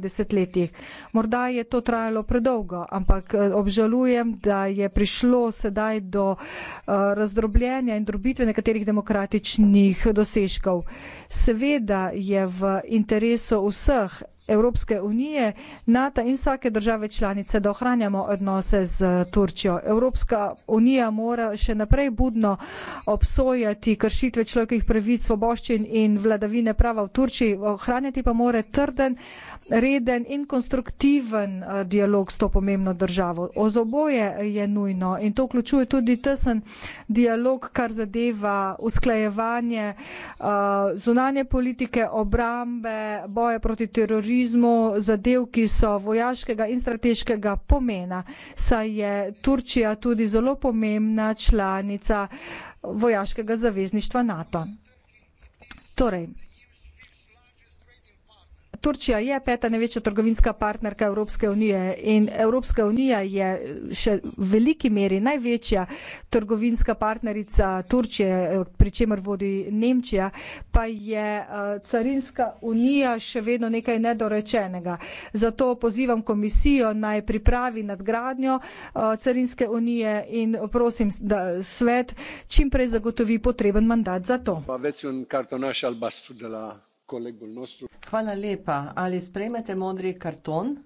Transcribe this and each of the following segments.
desetletjih. Morda je to trajalo predolgo, ampak eh, obžalujem, da je prišlo sedaj do eh, razdrobljenja in drobitve nekaterih demokratičnih dosežkov. Seveda je v interesu vseh Evropske unije, NATO in vsake države članice, da ohranjamo odnose z eh, Turčijo. Evropska unija mora še naprej budno obsojati kršitve človekovih pravic, svoboščin in vladavine prava v Turčiji, ohranjati pa mora trden reden in konstruktiven eh, dialog s to pomembno državo. Ozoboje je nujno in to vključuje tudi tesen dialog, kar zadeva usklajevanje eh, zunanje politike, obrambe, boje proti terorizmu, zadev, ki so vojaškega in strateškega pomena, saj je Turčija tudi zelo pomembna članica vojaškega zavezništva NATO. Torej, turčija je peta največja trgovinska partnerka evropske unije in evropska unija je še v veliki meri največja trgovinska partnerica turčije pri čemer vodi nemčija pa je eh, carinska unija še vedno nekaj nedorečenega zato pozivam komisijo naj pripravi nadgradnjo eh, carinske unije in prosim da svet čimprej zagotovi potreben mandat za to Hvala lepa. Ali sprejmete modri karton?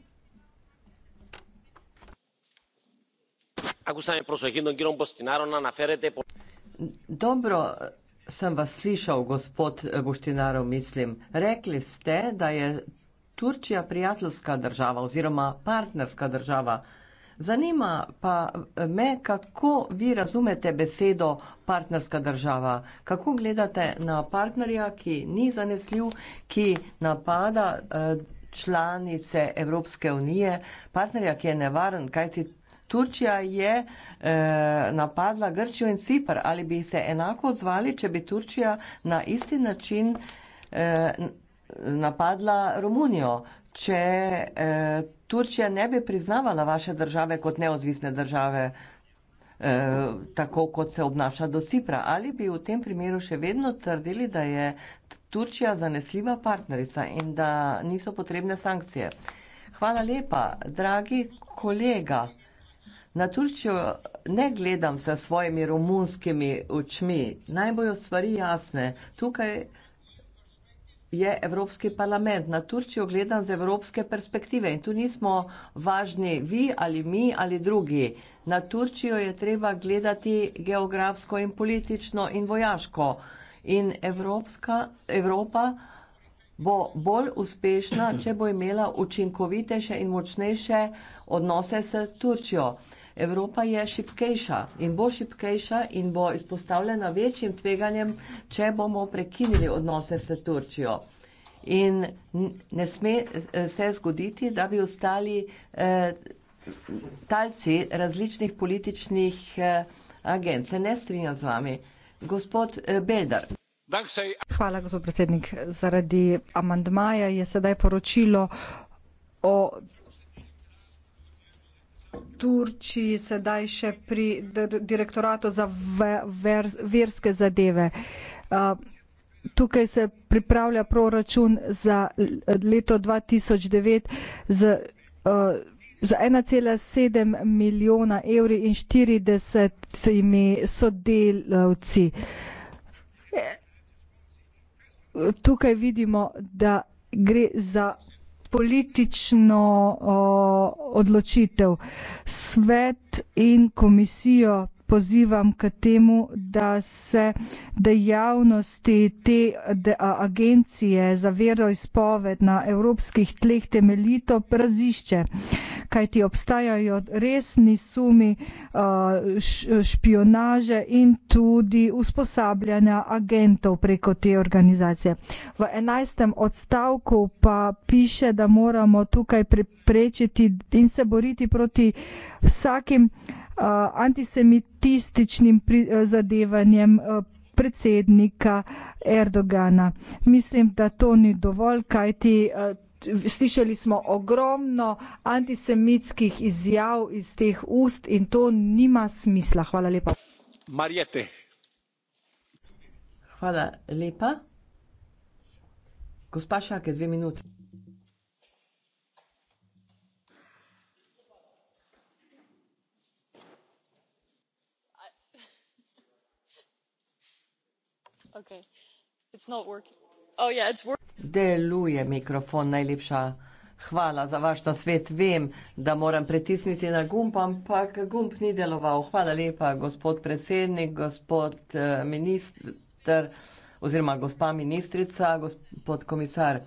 Dobro sem vas slišal, gospod Boštinarov, mislim. Rekli ste, da je Turčija prijateljska država oziroma partnerska država. Zanima pa eh, me, kako vi razumete besedo partnerska država. Kako gledate na partnerja, ki ni zanesljiv, ki napada eh, članice Evropske unije, partnerja, ki je nevaren, kajti Turčija je eh, napadla Grčijo in Cipr. Ali bi se enako odzvali, če bi Turčija na isti način napadla Romunijo? če e, Turčija ne bi priznavala vaše države kot neodvisne države, e, tako kot se obnaša do Cipra, ali bi v tem primeru še vedno trdili, da je Turčija zanesljiva partnerica in da niso potrebne sankcije. Hvala lepa, dragi kolega. Na Turčijo ne gledam se svojimi romunskimi očmi. Naj bojo stvari jasne. Tukaj je Evropski parlament. Na Turčijo gledam z evropske perspektive in tu nismo važni vi ali mi ali drugi. Na Turčijo je treba gledati geografsko in politično in vojaško. In Evropska, Evropa bo bolj uspešna, če bo imela učinkovitejše in močnejše odnose s Turčijo. Evropa je šipkejša in bo šipkejša in bo izpostavljena večjim tveganjem, če bomo prekinili odnose s Turčijo. In ne sme eh, se zgoditi, da bi ostali eh, talci različnih političnih eh, agent. Se ne strinjam z vami. Gospod eh, Beldar. Hvala, gospod predsednik. Zaradi amandmaja je sedaj poročilo o Turčiji, sedaj še pri direktoratu za verske zadeve. Tukaj se pripravlja proračun za leto 2009 za 1,7 milijona evri in 40 sodelavci. E, tukaj vidimo, da gre za politično o, odločitev. Svet in komisijo pozivam k temu, da se dejavnosti te de, a, agencije za veroizpoved na evropskih tleh temeljito prazišče kajti obstajajo resni sumi uh, špionaže in tudi usposabljanja agentov preko te organizacije. V enajstem odstavku pa piše, da moramo tukaj preprečiti in se boriti proti vsakim uh, antisemitističnim uh, zadevanjem predsednika Erdogana. Mislim, da to ni dovolj, kajti slišali smo ogromno antisemitskih izjav iz teh ust in to nima smisla. Hvala lepa. Marijete. Hvala lepa. Gospa Šake, dve minuti. Okay, it's not working. Oh, yeah, it's working. Deluje mikrofon, najlepša hvala za vaš nasvet. Vem, da moram pritisniti na gumb, ampak gumb ni deloval. Hvala lepa, gospod predsednik, gospod eh, minister oziroma gospa ministrica, gospod komisar.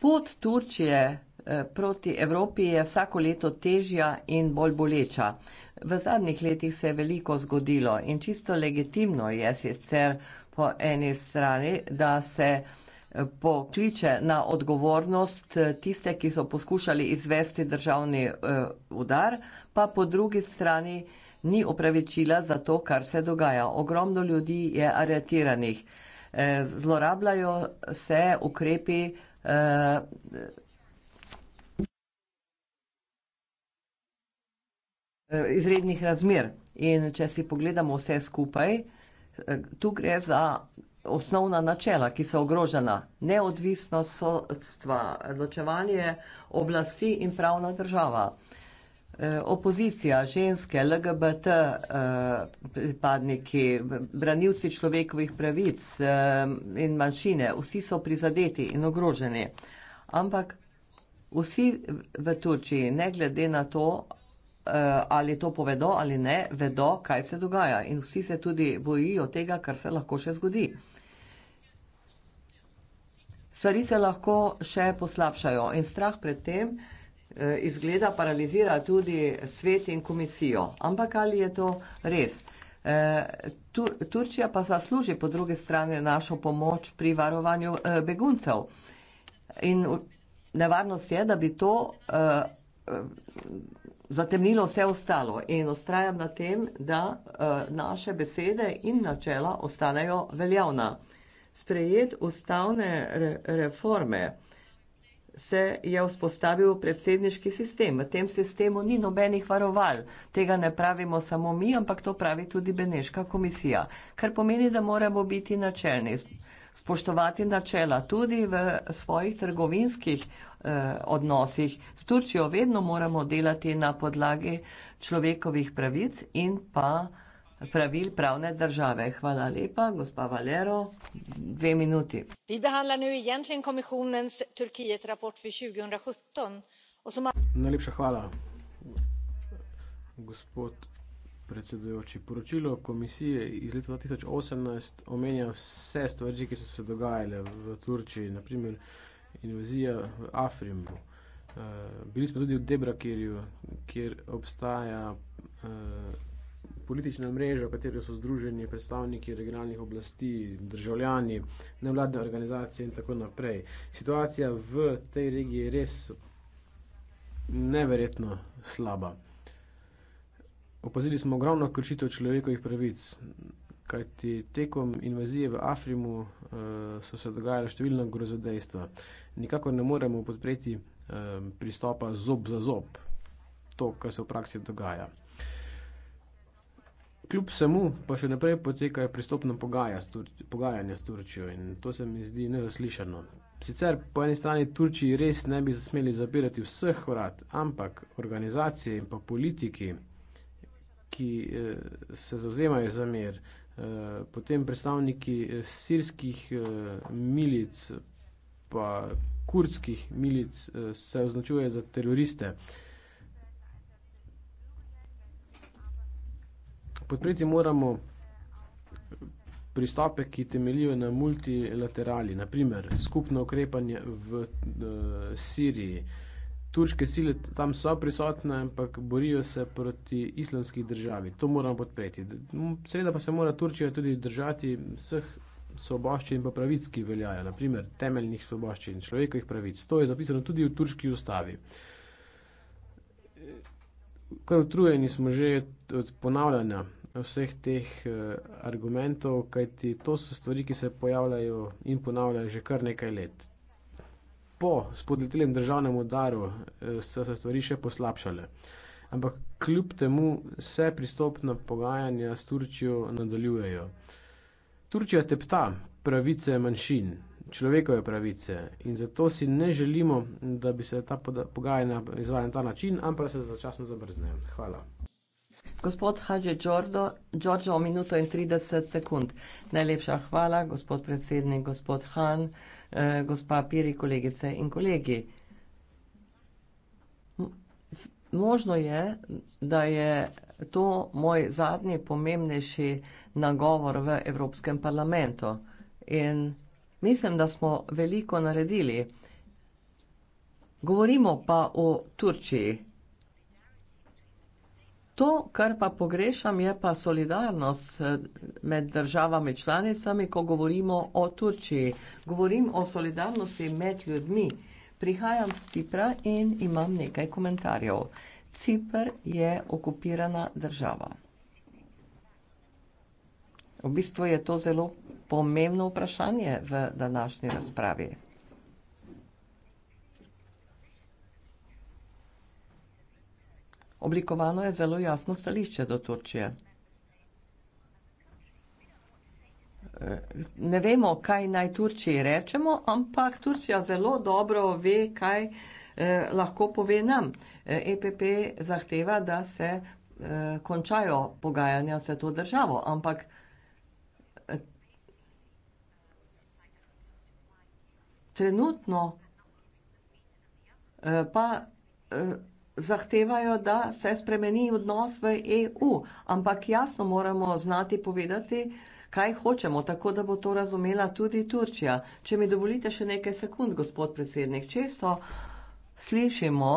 Pot Turčije eh, proti Evropi je vsako leto težja in bolj boleča. V zadnjih letih se je veliko zgodilo in čisto legitimno je sicer po eni strani, da se eh, pokliče na odgovornost eh, tiste, ki so poskušali izvesti državni eh, udar, pa po drugi strani ni opravičila za to, kar se dogaja. Ogromno ljudi je aretiranih. Zlorabljajo se ukrepi. Izrednih razmer. In če si pogledamo vse skupaj, tu gre za osnovna načela, ki so ogrožena. Neodvisnost sodstva, ločevanje oblasti in pravna država. E, opozicija, ženske, LGBT e, pripadniki, branilci človekovih pravic e, in manjšine, vsi so prizadeti in ogroženi. Ampak vsi v Turčiji, ne glede na to, Eh, ali to povedo ali ne, vedo, kaj se dogaja in vsi se tudi bojijo tega, kar se lahko še zgodi. Stvari se lahko še poslabšajo in strah pred tem eh, izgleda paralizira tudi svet in komisijo. Ampak ali je to res? Eh, Turčija pa zasluži po druge strane našo pomoč pri varovanju beguncev. In nevarnost je, da bi to zatemnilo vse ostalo in ustrajam na tem, da uh, naše besede in načela ostanejo veljavna. Sprejet ustavne re reforme se je vzpostavil predsedniški sistem. V tem sistemu ni nobenih varoval. Tega ne pravimo samo mi, ampak to pravi tudi Beneška komisija, kar pomeni, da moramo biti načelni spoštovati načela tudi v svojih trgovinskih eh, odnosih. S Turčijo vedno moramo delati na podlagi človekovih pravic in pa pravil pravne države. Hvala lepa, gospa Valero. Dve minuti. Najlepša hvala, gospod predsedujoči. Poročilo komisije iz leta 2018 omenja vse stvari, ki so se dogajale v Turčiji, naprimer invazija v Afrimu. Eh, bili smo tudi v Debrakirju, kjer obstaja eh, politična mreža, v kateri so združeni predstavniki regionalnih oblasti, državljani, nevladne organizacije in tako naprej. Situacija v tej regiji je res neverjetno slaba opazili smo ogromno kršitev človekovih pravic. Kajti tekom invazije v Afriku uh, eh, so se dogajala številna grozodejstva. Nikakor ne moremo podpreti um, pristopa zob za zob, to, kar se v praksi dogaja. Kljub samo, pa še naprej potekajo pristopna pogajanja s Turčijo in to se mi zdi nezaslišano. Sicer po eni strani Turčiji res ne bi smeli zapirati vseh vrat, ampak organizacije in pa politiki ki eh, se zauzemajo za mir, eh, potem predstavniki eh, sirskih milic, pa kurdskih milic, se označuje za teroriste. Podpreti moramo pristope, ki temeljijo na multilaterali, naprimer skupno ukrepanje v Siriji, turške sile tam so prisotne, ampak borijo se proti islamski državi. To moramo podpreti. Seveda pa se mora Turčija tudi držati vseh svoboščin in pravic, ki veljajo, naprimer temeljnih svoboščin, človekovih pravic. To je zapisano tudi v turški ustavi. Kar utrujeni smo že od ponavljanja vseh teh eh, argumentov, kajti to so stvari, ki se pojavljajo in ponavljajo že kar nekaj let po spodletelem državnem udaru eh, so se stvari še poslabšale. Ampak kljub temu se pristopna pogajanja s Turčijo nadaljujejo. Turčija tepta pravice manjšin, človekove pravice in zato si ne želimo, da bi se ta pogajanja izvajala na ta način, ampak se začasno zabrznejo. Hvala. Gospod Hadže Đordo, Đordo, minuto in 30 sekund. Najlepša hvala, gospod predsednik, gospod Han. Eh, gospa Piri, kolegice in kolegi. Možno je, da je to moj zadnji pomembnejši nagovor v Evropskem parlamentu. In mislim, da smo veliko naredili. Govorimo pa o Turčiji. To, kar pa pogrešam, je pa solidarnost eh, med državami članicami, ko govorimo o Turčiji. Govorim o solidarnosti med ljudmi. Prihajam z Cipra in imam nekaj komentarjev. Cipr je okupirana država. V bistvu je to zelo pomembno vprašanje v današnji razpravi. Oblikovano je zelo jasno stališče do Turčije. Ne vemo, kaj naj Turčiji rečemo, ampak Turčija zelo dobro ve, kaj eh, lahko pove nam. EPP eh, e zahteva, da se eh, končajo pogajanja s to državo, ampak trenutno pa zahtevajo, da se spremeni odnos v EU, ampak jasno moramo znati povedati, kaj hočemo, tako da bo to razumela tudi Turčija. Če mi dovolite še nekaj sekund, gospod predsednik, često slišimo,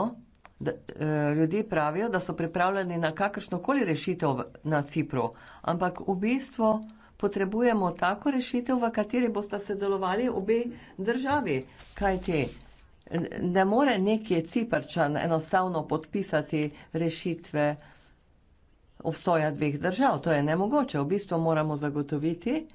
da e, ljudje pravijo, da so pripravljeni na kakršnokoli rešitev na Cipru, ampak v bistvu potrebujemo tako rešitev, v kateri boste sodelovali obe državi. Kaj te? ne more nekje Ciprčan enostavno podpisati rešitve obstoja dveh držav. To je nemogoče. V bistvu moramo zagotoviti,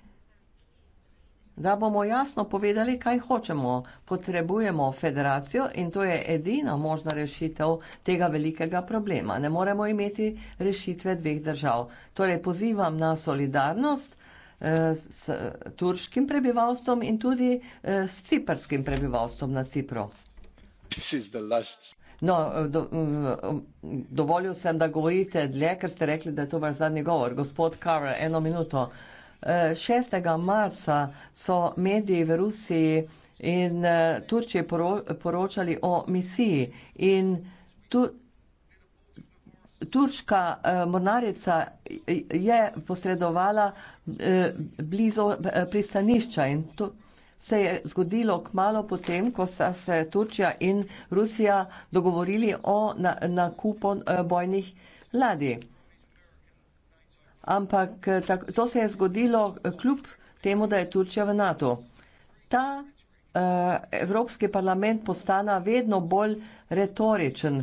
da bomo jasno povedali, kaj hočemo. Potrebujemo federacijo in to je edina možna rešitev tega velikega problema. Ne moremo imeti rešitve dveh držav. Torej pozivam na solidarnost Eh, s turškim prebivalstvom in tudi eh, s ciprskim prebivalstvom na Cipru. No, eh, do, dovolil sem, da govorite dlje, ker ste rekli, da je to vaš zadnji govor. Gospod Carver, eno minuto. 6. marca so mediji v Rusiji in Turčiji poro, poročali o misiji in tu turška eh, mornarica eh, je posredovala eh, blizu eh, pristanišča in to se je zgodilo kmalo potem, ko sta se Turčija in Rusija dogovorili o nakupu na eh, bojnih ladij. Ampak eh, tak, to se je zgodilo eh, kljub temu, da je Turčija v NATO. Ta eh, Evropski parlament postana vedno bolj retoričen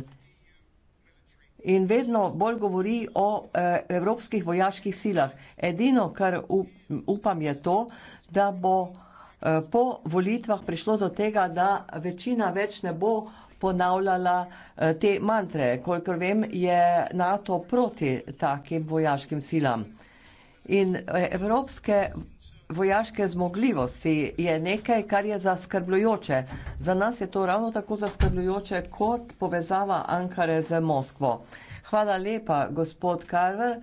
in vedno bolj govori o eh, evropskih vojaških silah. Edino, kar upam, je to, da bo eh, po volitvah prišlo do tega, da večina več ne bo ponavljala eh, te mantre. Kolikor vem, je NATO proti takim vojaškim silam. In evropske vojaške zmogljivosti je nekaj, kar je zaskrbljujoče. Za nas je to ravno tako zaskrbljujoče kot povezava Ankare z Moskvo. Hvala lepa, gospod Karver.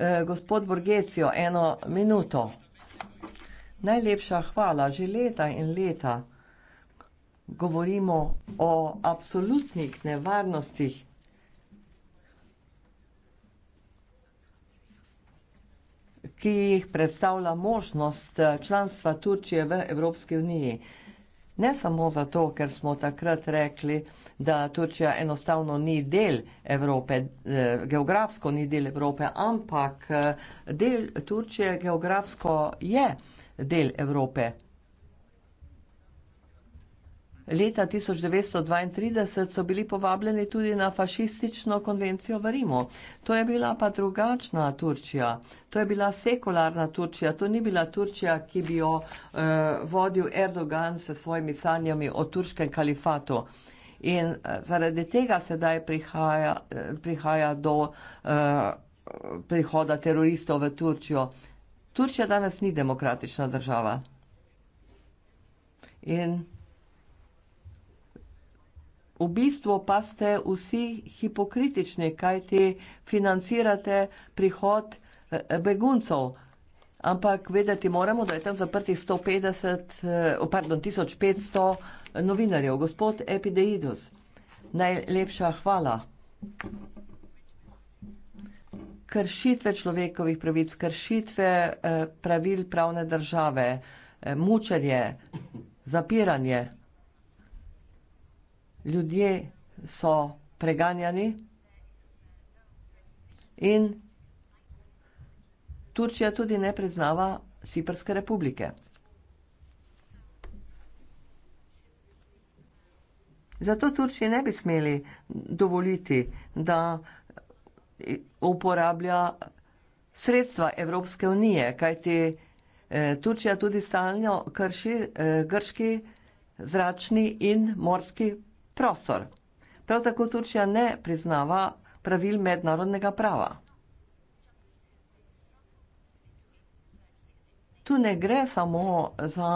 Eh, gospod Borgecijo, eno minuto. Najlepša hvala. Že leta in leta govorimo o absolutnih nevarnostih ki jih predstavlja možnost eh, članstva Turčije v Evropski uniji. Ne samo zato, ker smo takrat rekli, da Turčija enostavno ni del Evrope, eh, geografsko ni del Evrope, ampak eh, del Turčije geografsko je del Evrope. Leta 1932 so bili povabljeni tudi na fašistično konvencijo v Rimu. To je bila pa drugačna Turčija. To je bila sekularna Turčija. To ni bila Turčija, ki bi jo eh, vodil Erdogan s svojimi sanjami o turškem kalifatu. In eh, zaradi tega sedaj prihaja, eh, prihaja do eh, prihoda teroristov v Turčijo. Turčija danes ni demokratična država. In V bistvu pa ste vsi hipokritični, kaj ti financirate prihod eh, beguncov. Ampak vedeti moramo, da je tam zaprtih 150, eh, pardon, 1500 novinarjev. Gospod Epideidus, najlepša hvala. Kršitve človekovih pravic, kršitve eh, pravil pravne države, mučenje, zapiranje ljudje so preganjani in Turčija tudi ne priznava Ciprske republike. Zato Turčiji ne bi smeli dovoliti, da uporablja sredstva Evropske unije, kajti eh, Turčija tudi stalno krši eh, grški zračni in morski prostor. Prav tako Turčija ne priznava pravil mednarodnega prava. Tu ne gre samo za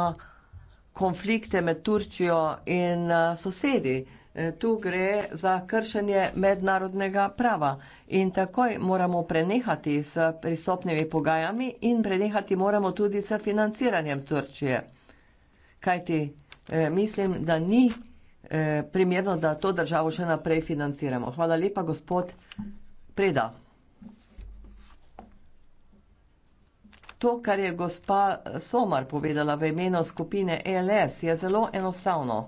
konflikte med Turčijo in eh, sosedi, eh, tu gre za kršenje mednarodnega prava in takoj moramo prenehati s pristopnimi pogajami in prenehati moramo tudi s financiranjem Turčije. Kajti eh, mislim, da ni eh, primerno, da to državo še naprej financiramo. Hvala lepa, gospod Preda. To, kar je gospa Somar povedala v imenu skupine ELS, je zelo enostavno.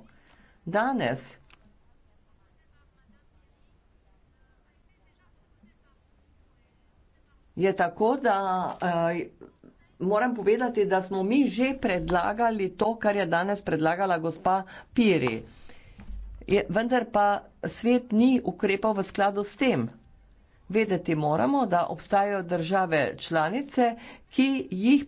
Danes je tako, da eh, moram povedati, da smo mi že predlagali to, kar je danes predlagala gospa Piri. Je, vendar pa svet ni ukrepal v skladu s tem. Vedeti moramo, da obstajajo države članice, ki jih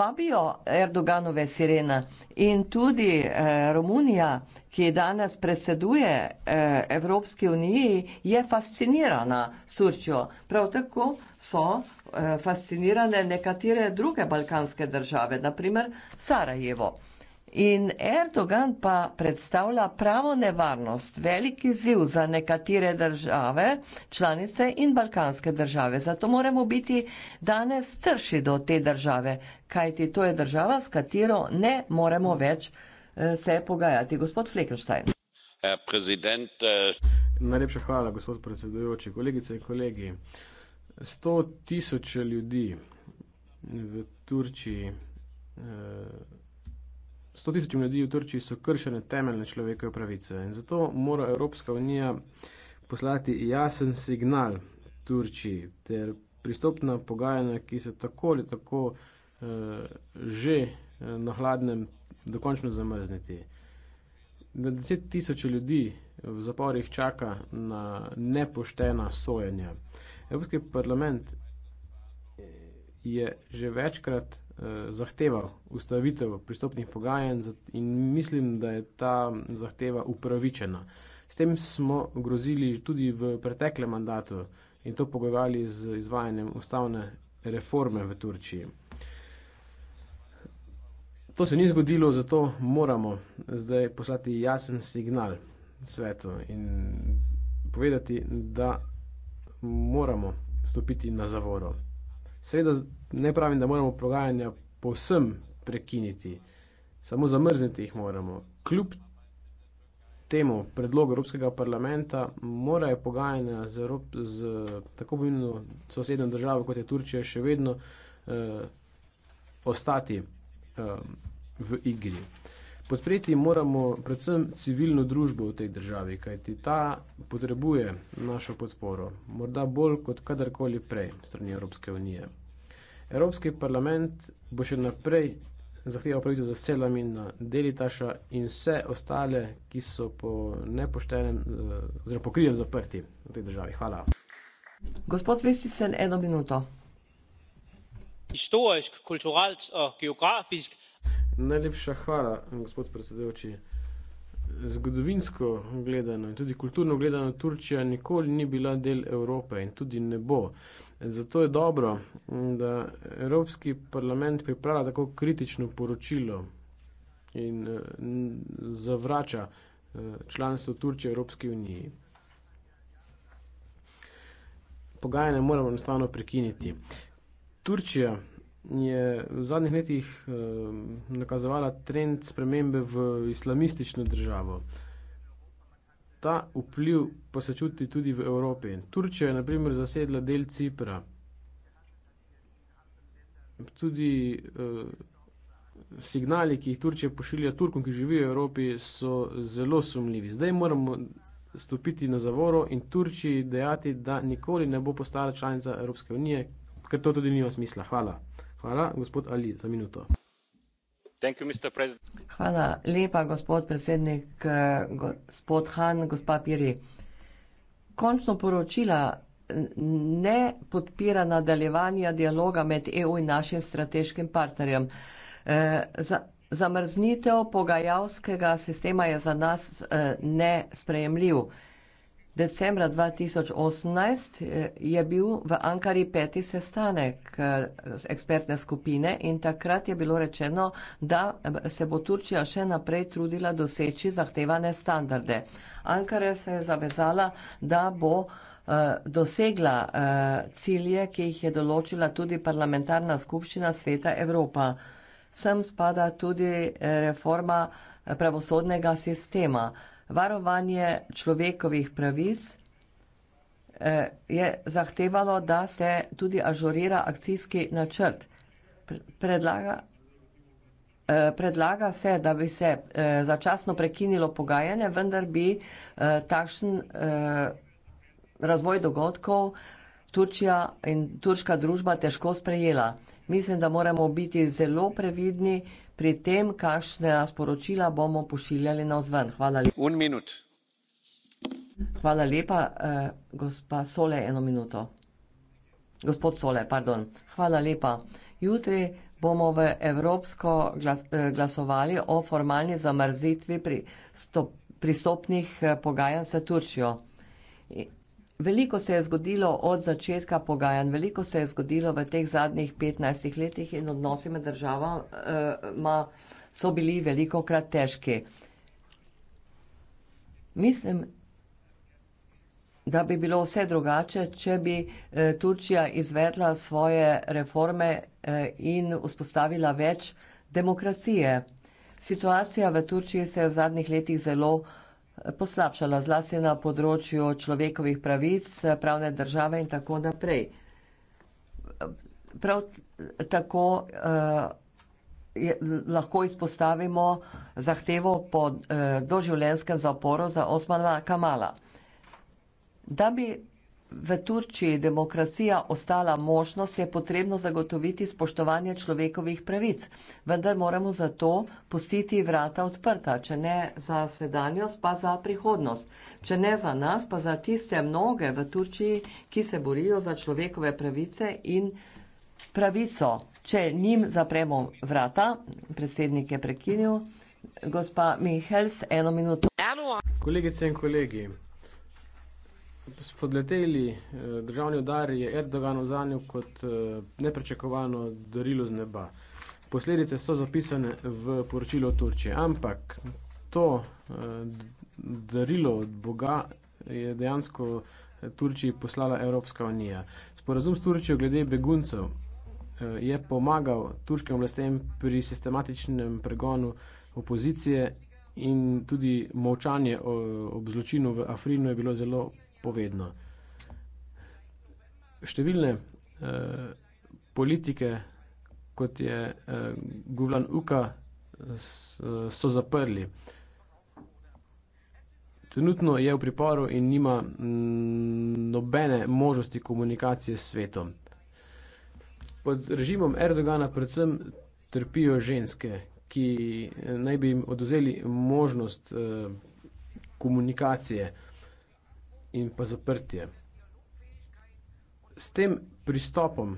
vabijo Erdoganove sirene in tudi eh, Romunija, ki danes predseduje eh, Evropski uniji, je fascinirana s Turčjo. Prav tako so eh, fascinirane nekatere druge balkanske države, naprimer Sarajevo. In Erdogan pa predstavlja pravo nevarnost, velik izziv za nekatere države, članice in balkanske države. Zato moramo biti danes trši do te države, kajti to je država, s katero ne moremo več eh, se pogajati. Gospod Flekenstein. Äh, Najlepša hvala, gospod predsedujoči. Kolegice in kolegi, sto tisoče ljudi v Turčiji. Eh, 100 tisoč ljudi v Turčiji so kršene temeljne človekove pravice in zato mora Evropska unija poslati jasen signal Turčiji ter pristopna pogajanja, ki so tako ali tako eh, že eh, na hladnem, dokončno zamrzniti. Na deset tisoč ljudi v zaporih čaka na nepoštena sojenja. Evropski parlament eh, je že večkrat Eh, zahteval ustavitev pristopnih pogajanj in mislim, da je ta zahteva upravičena. S tem smo grozili tudi v preteklem mandatu in to pogojevali z izvajanjem ustavne reforme v Turčiji. To se ni zgodilo, zato moramo zdaj poslati jasen signal svetu in povedati, da moramo stopiti na zavoro. Seveda ne pravim, da moramo pogajanja povsem prekiniti, samo zamrzniti jih moramo. Kljub temu predlogu Evropskega parlamenta morajo pogajanja z, Evrop, z tako pomembno sosedno državo, kot je Turčija, še vedno eh, ostati eh, v igri. Podpreti moramo predvsem civilno družbo v tej državi, kajti ta potrebuje našo podporo, morda bolj kot kadarkoli prej strani Evropske unije. Evropski parlament bo še naprej zahteval pravico za selami na delitaša in vse ostale, ki so po nepoštenem, eh, oziroma po krivem zaprti v tej državi. Hvala. Gospod Vestisen, eno minuto. Historisk, kulturalt in geografsko Najlepša hvala, gospod predsedujoči. Zgodovinsko gledano in tudi kulturno gledano Turčija nikoli ni bila del Evrope in tudi ne bo. Zato je dobro, da Evropski parlament pripravlja tako kritično poročilo in eh, zavrača eh, članstvo Turčije Evropski uniji. Pogajanje moramo enostavno prekiniti. Turčija je v zadnjih letih e, nakazovala trend spremembe v islamistično državo. Ta vpliv pa se čuti tudi v Evropi. Turčija je na primer zasedla del Cipra. Tudi e, signali, ki jih Turčija pošilja Turkom, ki živijo v Evropi, so zelo sumljivi. Zdaj moramo stopiti na zavoro in Turčiji dejati, da nikoli ne bo postala članica Evropske unije, ker to tudi nima smisla. Hvala. Hvala, gospod Ali, za minuto. Thank you, Mr. President. Hvala lepa, gospod predsednik, gospod Han, gospa Piri. Končno poročila ne podpira nadaljevanja dialoga med EU in našim strateškim partnerjem. E, za, zamrznitev pogajalskega sistema je za nas e, nesprejemljiv. Decembra 2018 eh, je bil v Ankari peti sestanek eh, ekspertne skupine in takrat je bilo rečeno, da eh, se bo Turčija še naprej trudila doseči zahtevane standarde. Ankara se je zavezala, da bo dosegla cilje, ki jih je določila tudi parlamentarna skupščina sveta Evropa. Sem spada tudi reforma pravosodnega sistema varovanje človekovih pravic eh, je zahtevalo, da se tudi ažurira akcijski načrt. Predlaga, eh, predlaga se, da bi se eh, začasno prekinilo pogajanje, vendar bi takšen razvoj dogodkov Turčija in turška družba težko sprejela. Mislim, da moramo biti zelo previdni pri tem, kakšne sporočila bomo pošiljali na vzven. Hvala lepa. Un minut. Hvala lepa, eh, gospa Sole, eno minuto. Gospod Sole, pardon. Hvala lepa. Jutri bomo v Evropsko glas, eh, glasovali o formalni zamrzitvi pri stop, pristopnih eh, pogajanj s Turčijo. Veliko se je zgodilo od začetka pogajanj, veliko se je zgodilo v teh zadnjih 15 letih in odnosi med državama eh, so bili veliko krat težki. Mislim, da bi bilo vse drugače, če bi eh, Turčija izvedla svoje reforme eh, in vzpostavila več demokracije. Situacija v Turčiji se je v zadnjih letih zelo poslabšala, zlasti na področju človekovih pravic, pravne države in tako naprej. Prav tako eh, je, lahko izpostavimo zahtevo po eh, doživljenjskem zaporu za Osmana Kamala. Da bi v Turčiji demokracija ostala možnost, je potrebno zagotoviti spoštovanje človekovih pravic. Vendar moramo za to pustiti vrata odprta, če ne za sedanjost, pa za prihodnost. Če ne za nas, pa za tiste mnoge v Turčiji, ki se borijo za človekove pravice in pravico. Če njim zapremo vrata, predsednik je prekinil, gospa Mihels, eno minuto. Kolegice in kolegi, Spodleteli eh, državni udar je Erdogan vzanil kot eh, neprečakovano darilo z neba. Posledice so zapisane v poročilo Turčije, ampak to eh, darilo od Boga je dejansko Turčiji poslala Evropska unija. Sporazum s Turčijo glede beguncev je pomagal turškim oblastem pri sistematičnem pregonu opozicije in tudi molčanje ob zločinu v Afrinu je bilo zelo povedno. Številne eh, politike, kot je eh, Guvlan Uka, eh, so zaprli. Trenutno je v priporu in nima mm, nobene možnosti komunikacije s svetom. Pod režimom Erdogana predvsem trpijo ženske, ki eh, naj bi jim oduzeli možnost eh, komunikacije. Eh, in pa zaprtje. S tem pristopom,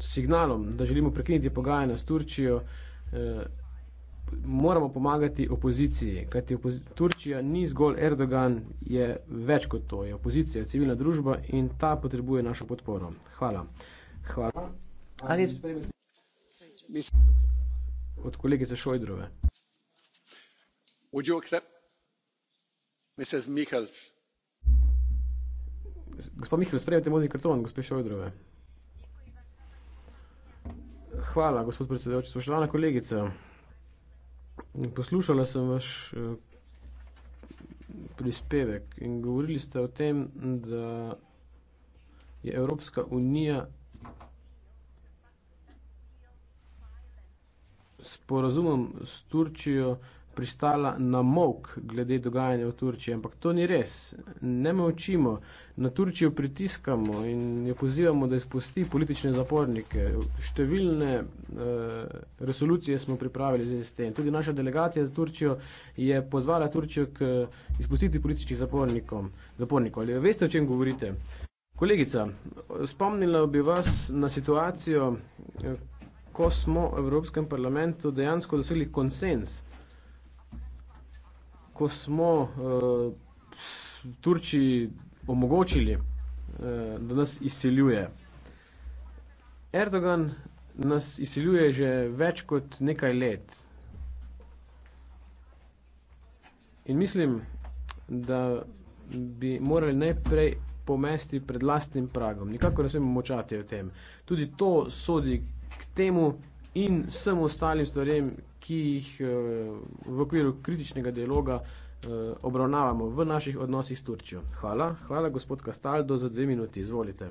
signalom, da želimo prekiniti pogajanja s Turčijo, eh, moramo pomagati opoziciji, kajti opozi Turčija ni zgolj Erdogan, je več kot to, je opozicija, civilna družba in ta potrebuje našo podporo. Hvala. Hvala. Ali Od kolegice Šojdrove. Would you accept, Mrs. Michels? Gospod Mihel, sprejmite modni karton, gospod Šojdrove. Hvala, gospod predsedovče. Spoštovana kolegica, poslušala sem vaš eh, prispevek in govorili ste o tem, da je Evropska unija s porazumom s Turčijo pristala na mok glede dogajanja v Turčiji, ampak to ni res. Ne me učimo, na Turčijo pritiskamo in jo pozivamo, da izpusti politične zapornike. Številne eh, resolucije smo pripravili z tem. Tudi naša delegacija za Turčijo je pozvala Turčijo k izpustiti političnih zapornikov. Ali veste, o čem govorite? Kolegica, spomnila bi vas na situacijo, eh, ko smo v Evropskem parlamentu dejansko dosegli konsens ko smo uh, Turči omogočili, uh, da nas izseljuje. Erdogan nas izseljuje že več kot nekaj let. In mislim, da bi morali najprej pomesti pred lastnim pragom. Nikako ne smemo močati o tem. Tudi to sodi k temu, in vsem ostalim stvarem, ki jih eh, v okviru kritičnega dialoga eh, obravnavamo v naših odnosih s Turčijo. Hvala, hvala gospod Kastaldo, za dve minuti, izvolite.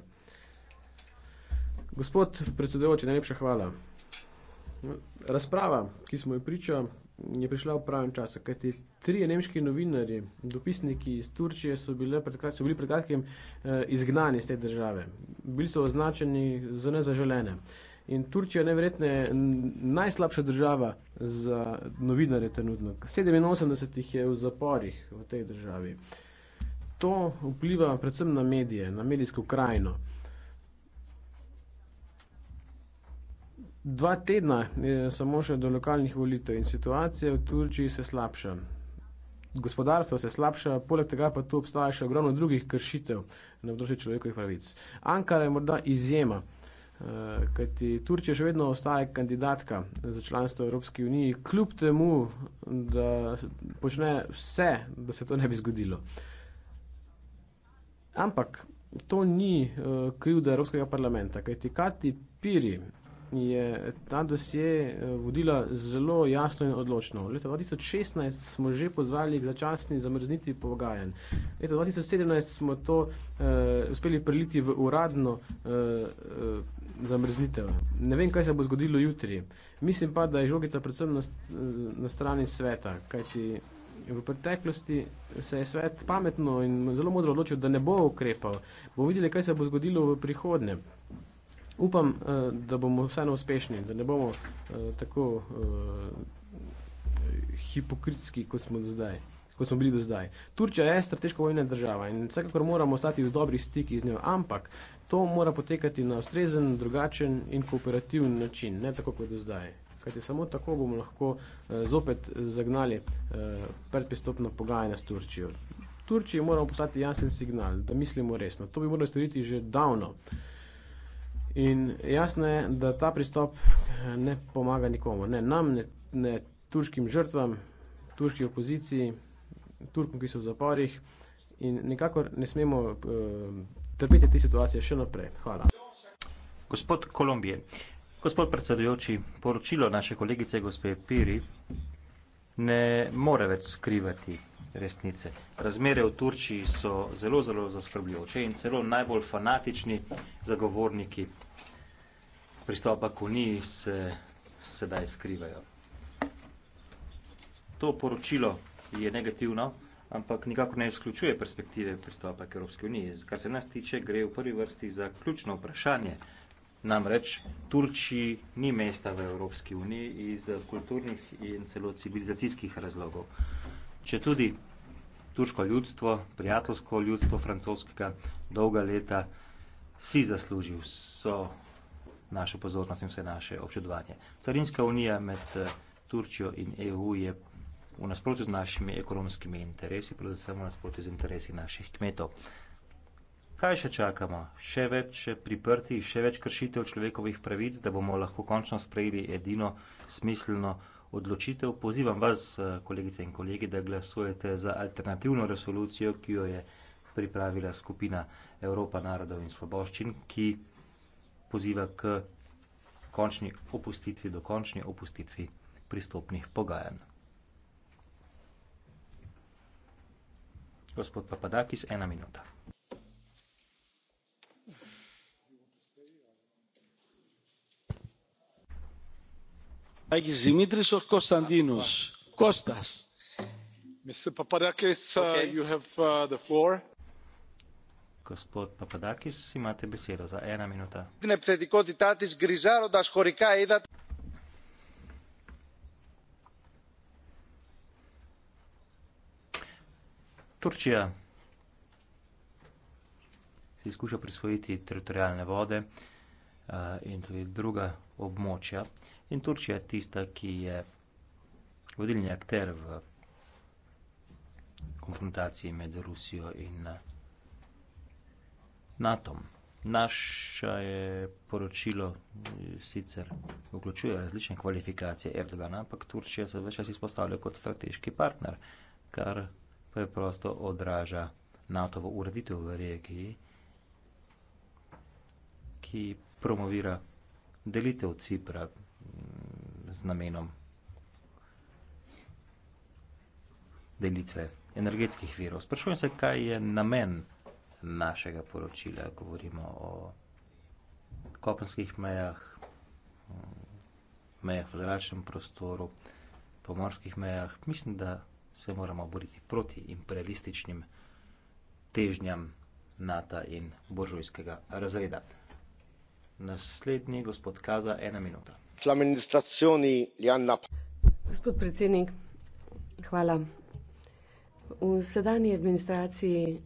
Gospod predsedujoči, najlepša hvala. Razprava, ki smo jo priča, je prišla v pravem času, kajti tri nemški novinarji, dopisniki iz Turčije so, bile pred kratkim, so bili pred kratkim eh, izgnani iz te države. Bili so označeni za nezaželene. Eh, In Turčija je najverjetneje najslabša država za novinare trenutno. 87 jih je v zaporih v tej državi. To vpliva predvsem na medije, na medijsko krajino. Dva tedna je eh, samo še do lokalnih volitev in situacija v Turčiji se slabša. Gospodarstvo se slabša, poleg tega pa tu obstaja še ogromno drugih kršitev na področju človekovih pravic. Ankara je morda izjema. Eh, kajti Turčija še vedno ostaja kandidatka za članstvo v Evropski uniji, kljub temu, da počne vse, da se to ne bi zgodilo. Ampak to ni uh, krivda Evropskega parlamenta, kajti Kati Piri je ta dosje eh, vodila zelo jasno in odločno. Leta 2016 smo že pozvali k začasni zamrznitvi pogajanj. Leta 2017 smo to uh, uspeli priliti v uradno uh, uh, zamrznitev. Ne vem, kaj se bo zgodilo jutri. Mislim pa, da je žogica predvsem na, na strani sveta, kajti v preteklosti se je svet pametno in zelo modro odločil, da ne bo ukrepal. Bo videli, kaj se bo zgodilo v prihodnem upam, eh, da bomo vseeno uspešni, da ne bomo eh, tako eh, hipokritski, kot smo do zdaj. Ko smo bili do zdaj. Turčija je strateško vojna država in vsekakor moramo ostati v dobrih stikih z njo, ampak to mora potekati na ustrezen, drugačen in kooperativen način, ne tako kot do zdaj. Kajti samo tako bomo lahko eh, zopet zagnali eh, predpristopno pogajanje s Turčijo. Turčiji moramo poslati jasen signal, da mislimo resno. To bi morali storiti že davno. Eh, In jasno je, da ta pristop eh, ne pomaga nikomu, ne nam, ne, ne turškim žrtvam, turški opoziciji, turkom, ki so v zaporih in nekakor ne smemo uh, trpeti te situacije še naprej. Hvala. Gospod Kolumbije, gospod predsedujoči, poročilo naše kolegice gospe Piri ne more več skrivati resnice. Razmere v Turčiji so zelo, zelo zaskrbljujoče in celo najbolj fanatični zagovorniki pristopa k uniji se sedaj skrivajo. To poročilo je negativno, ampak nikako ne izključuje perspektive pristopa k Evropski uniji. Kar se nas tiče, gre v prvi vrsti za ključno vprašanje. Namreč Turčiji ni mesta v Evropski uniji iz kulturnih in celo civilizacijskih razlogov. Če tudi turško ljudstvo, prijateljsko ljudstvo francoskega dolga leta si zaslužil so našo pozornost in vse naše občudovanje. Carinska unija med eh, Turčijo in EU je v nasprotju z našimi ekonomskimi interesi, predvsem v nasprotju z interesi naših kmetov. Kaj še čakamo? Še več priprti, še več kršitev človekovih pravic, da bomo lahko končno sprejeli edino smiselno odločitev. Pozivam vas, eh, kolegice in kolegi, da glasujete za alternativno resolucijo, ki jo je pripravila skupina Evropa narodov in svoboščin, ki poziva k končni opustitvi, dokončni opustitvi pristopnih pogajanj. Gospod Papadakis, ena minuta. Dimitris od Konstantinos. Kostas. Mr. Papadakis, uh, okay. you have uh, the floor. Gospod Papadakis, imate besedo za ena minuta. Un epitetico di tatis grisaro da scorica edat. Turčija si skuša prisvojiti teritorijalne vode uh, in tudi druga območja. In Turčija je tista, ki je vodilni akter v konfrontaciji med Rusijo in uh, natom. Naše poročilo eh, sicer vključuje različne kvalifikacije Erdogana, ampak Turčija se več čas izpostavlja kot strateški partner, kar preprosto odraža NATO-vo ureditev v regiji, ki promovira delitev Cipra mm, z namenom delitve energetskih virov. Sprašujem se, kaj je namen našega poročila. Govorimo o kopenskih mejah, mejah v zračnem prostoru, pomorskih mejah. Mislim, da se moramo boriti proti imperialističnim težnjam NATO in božujskega razreda. Naslednji gospod Kaza, ena minuta. Gospod predsednik, hvala. V sedanji administraciji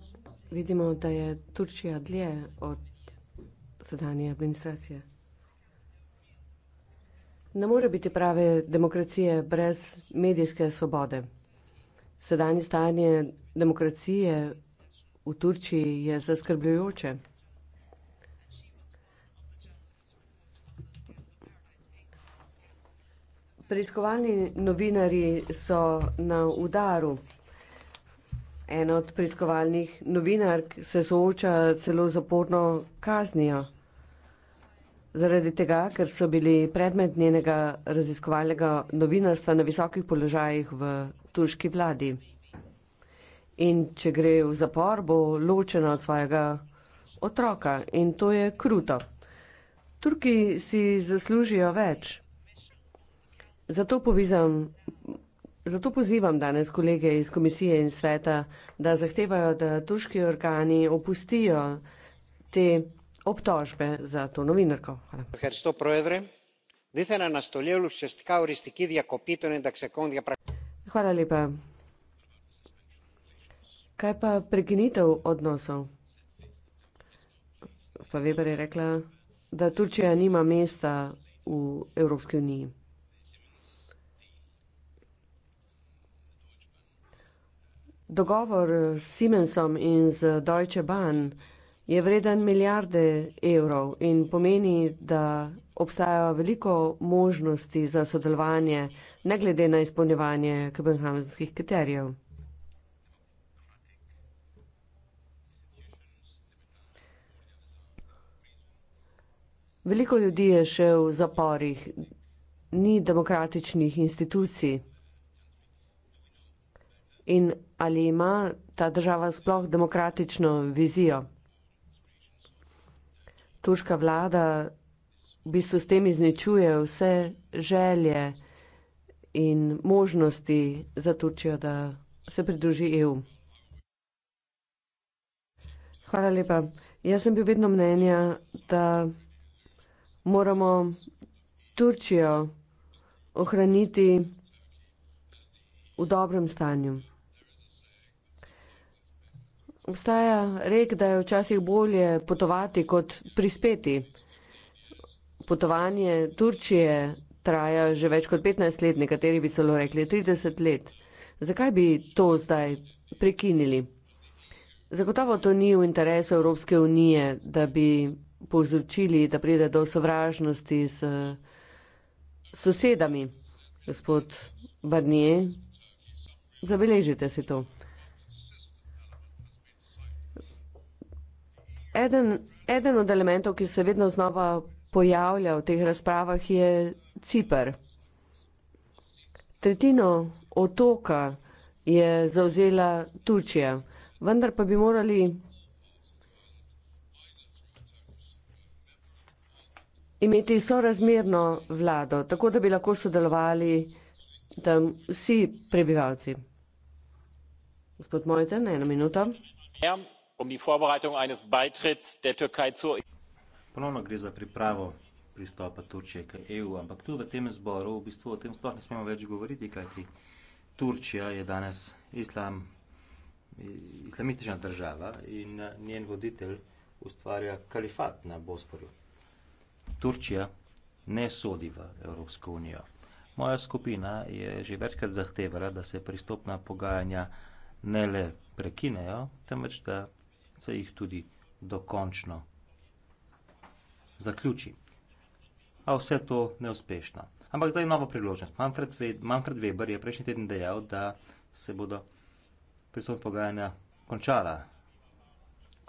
vidimo, da je Turčija dlje od sedanje administracije. Ne more biti prave demokracije brez medijske svobode. Sedanje stanje demokracije v Turčiji je zaskrbljujoče. Preiskovalni novinari so na udaru. Ena od preiskovalnih novinark se sooča celo z zaporno kaznijo. Zaradi tega, ker so bili predmet njenega raziskovalnega novinarstva na visokih položajih v turški vladi. In če gre v zapor, bo ločena od svojega otroka. In to je kruto. Turki si zaslužijo več. Zato povizam Zato pozivam danes kolege iz komisije in sveta, da zahtevajo, da turški organi opustijo te obtožbe za to novinarko. Hvala. Hvala lepa. Kaj pa prekinitev odnosov? Gospa Weber je rekla, da Turčija nima mesta v Evropski uniji. Dogovor s Siemensom in z Deutsche Bahn je vreden milijarde evrov in pomeni, da obstajajo veliko možnosti za sodelovanje, ne glede na izpolnjevanje kopenhagenskih kriterijev. Veliko ljudi je še v zaporih, ni demokratičnih institucij in ali ima ta država sploh demokratično vizijo. Turška vlada v bistvu s tem izničuje vse želje in možnosti za Turčijo, da se pridruži EU. Hvala lepa. Jaz sem bil vedno mnenja, da moramo Turčijo ohraniti v dobrem stanju. Vstaja rek, da je včasih bolje potovati kot prispeti. Potovanje Turčije traja že več kot 15 let, nekateri bi celo rekli 30 let. Zakaj bi to zdaj prekinili? Zagotovo to ni v interesu Evropske unije, da bi povzročili, da pride do sovražnosti s sosedami. Gospod Barnier, zabeležite si to. eden, eden od elementov, ki se vedno znova pojavlja v teh razpravah, je Cipr. Tretjino otoka je zauzela Turčija, vendar pa bi morali. imeti sorazmerno vlado, tako da bi lahko sodelovali tam vsi prebivalci. Gospod Mojte, na eno minuto. Ja um die vorbereitung eines beitritts der türkei zur e Ponovno gre za pripravo pristopa Turčije k EU, ampak tu v tem zboru v bistvu o tem sploh ne smemo več govoriti, kajti Turčija je danes islam, islamistična država in eh, njen voditelj ustvarja kalifat na Bosporju. Turčija ne sodi v Evropsko unijo. Moja skupina je že večkrat zahtevala, da se pristopna pogajanja ne le prekinejo, temveč da se jih tudi dokončno zaključi. A vse to neuspešno. Ampak zdaj je nova priložnost. Manfred, Manfred Weber je prejšnji teden dejal, da se bodo pristopna pogajanja končala,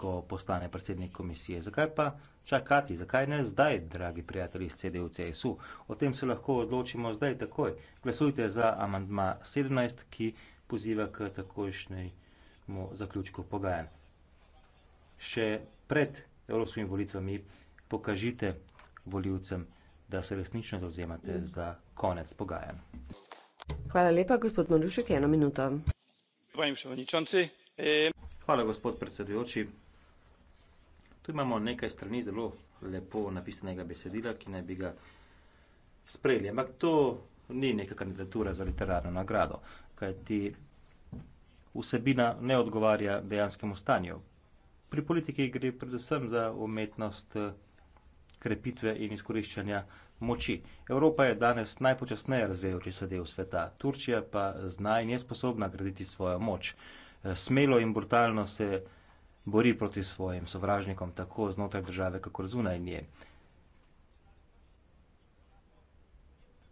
ko postane predsednik komisije. Zakaj pa čakati? Zakaj ne zdaj, dragi prijatelji iz CDU-CSU? O tem se lahko odločimo zdaj takoj. Glasujte za amandma 17, ki poziva k takojšnjemu zaključku pogajanja še pred evropskimi volitvami pokažite voljivcem, da se resnično dozemate za konec pogajanj. Hvala lepa, gospod Marušek, eno minuto. E, Hvala, gospod predsedujoči. Tu imamo nekaj strani zelo lepo napisanega besedila, ki naj bi ga sprejeli, ampak to ni neka kandidatura za literarno nagrado, kajti vsebina ne odgovarja dejanskemu stanju pri politiki gre predvsem za umetnost eh, krepitve in izkoriščanja moči. Evropa je danes najpočasneje razvejoči se del sveta, Turčija pa zna in je sposobna graditi svojo moč. Eh, smelo in brutalno se bori proti svojim sovražnikom, tako znotraj države, kakor zunaj nje.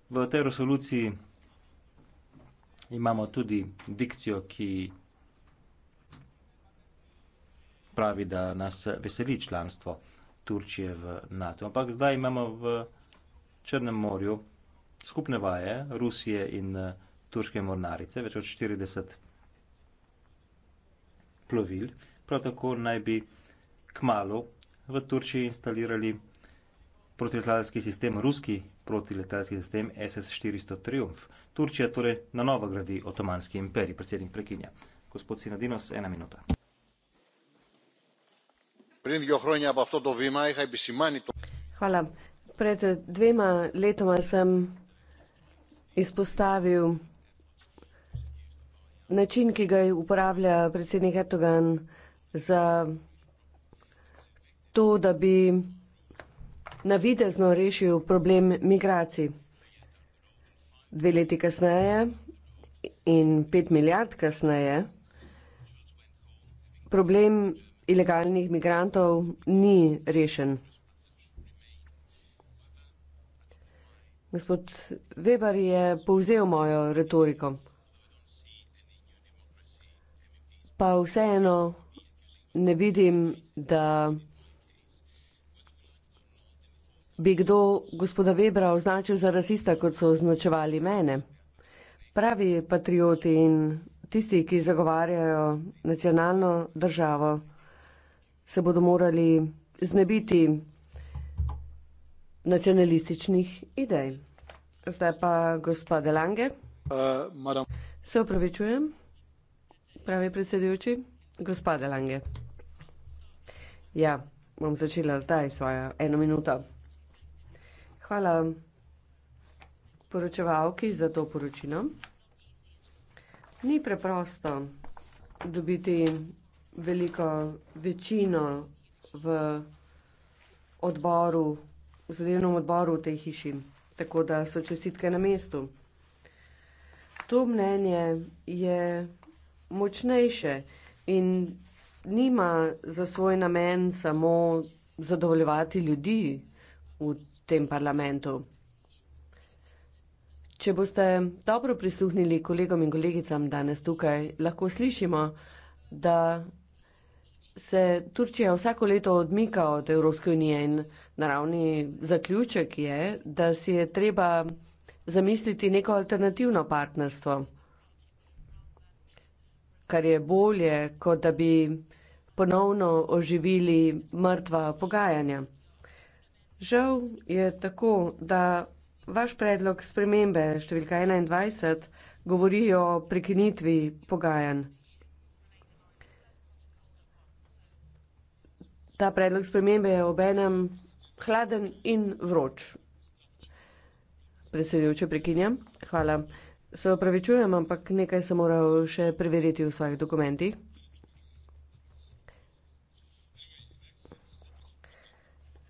V tej resoluciji imamo tudi dikcijo, ki je pravi, da nas veseli članstvo Turčije v NATO. Ampak zdaj imamo v Črnem morju skupne vaje Rusije in eh, turške mornarice, več kot 40 plovil. Prav tako naj bi kmalo v Turčiji instalirali protiletalski sistem, ruski protiletalski sistem SS-400 Triumf. Turčija torej na novo gradi otomanski imperij, predsednik prekinja. Gospod Sinadinos, ena minuta pred dvema letoma sem izpostavil način ki ga uporablja predsednik erdogan za to da bi navidezno rešil problem migracij dve leti kasneje in pet milijard kasneje problem ilegalnih migrantov ni rešen. Gospod Weber je povzel mojo retoriko. Pa vseeno ne vidim, da bi kdo gospoda Webera označil za rasista, kot so označevali mene. Pravi patrioti in tisti, ki zagovarjajo nacionalno državo se bodo morali znebiti nacionalističnih idej. Zdaj pa gospa Delange. Uh, se opravičujem, pravi predsedujoči, gospa Delange. Ja, bom začela zdaj svojo eno minuto. Hvala poročevalki za to poročino. Ni preprosto dobiti veliko večino v odboru, v sodelovnem odboru v tej hiši, tako da so čestitke na mestu. To mnenje je močnejše in nima za svoj namen samo zadovoljevati ljudi v tem parlamentu. Če boste dobro prisluhnili kolegom in kolegicam danes tukaj, lahko slišimo, da se Turčija vsako leto odmika od Evropske unije in naravni zaključek je, da si je treba zamisliti neko alternativno partnerstvo, kar je bolje, kot da bi ponovno oživili mrtva pogajanja. Žal je tako, da vaš predlog spremembe številka 21 govori o prekinitvi pogajanj. Ta predlog spremembe je obenem hladen in vroč. Predsedujoče prekinjam. Hvala. Se opravičujem, ampak nekaj sem moral še preveriti v svojih dokumentih.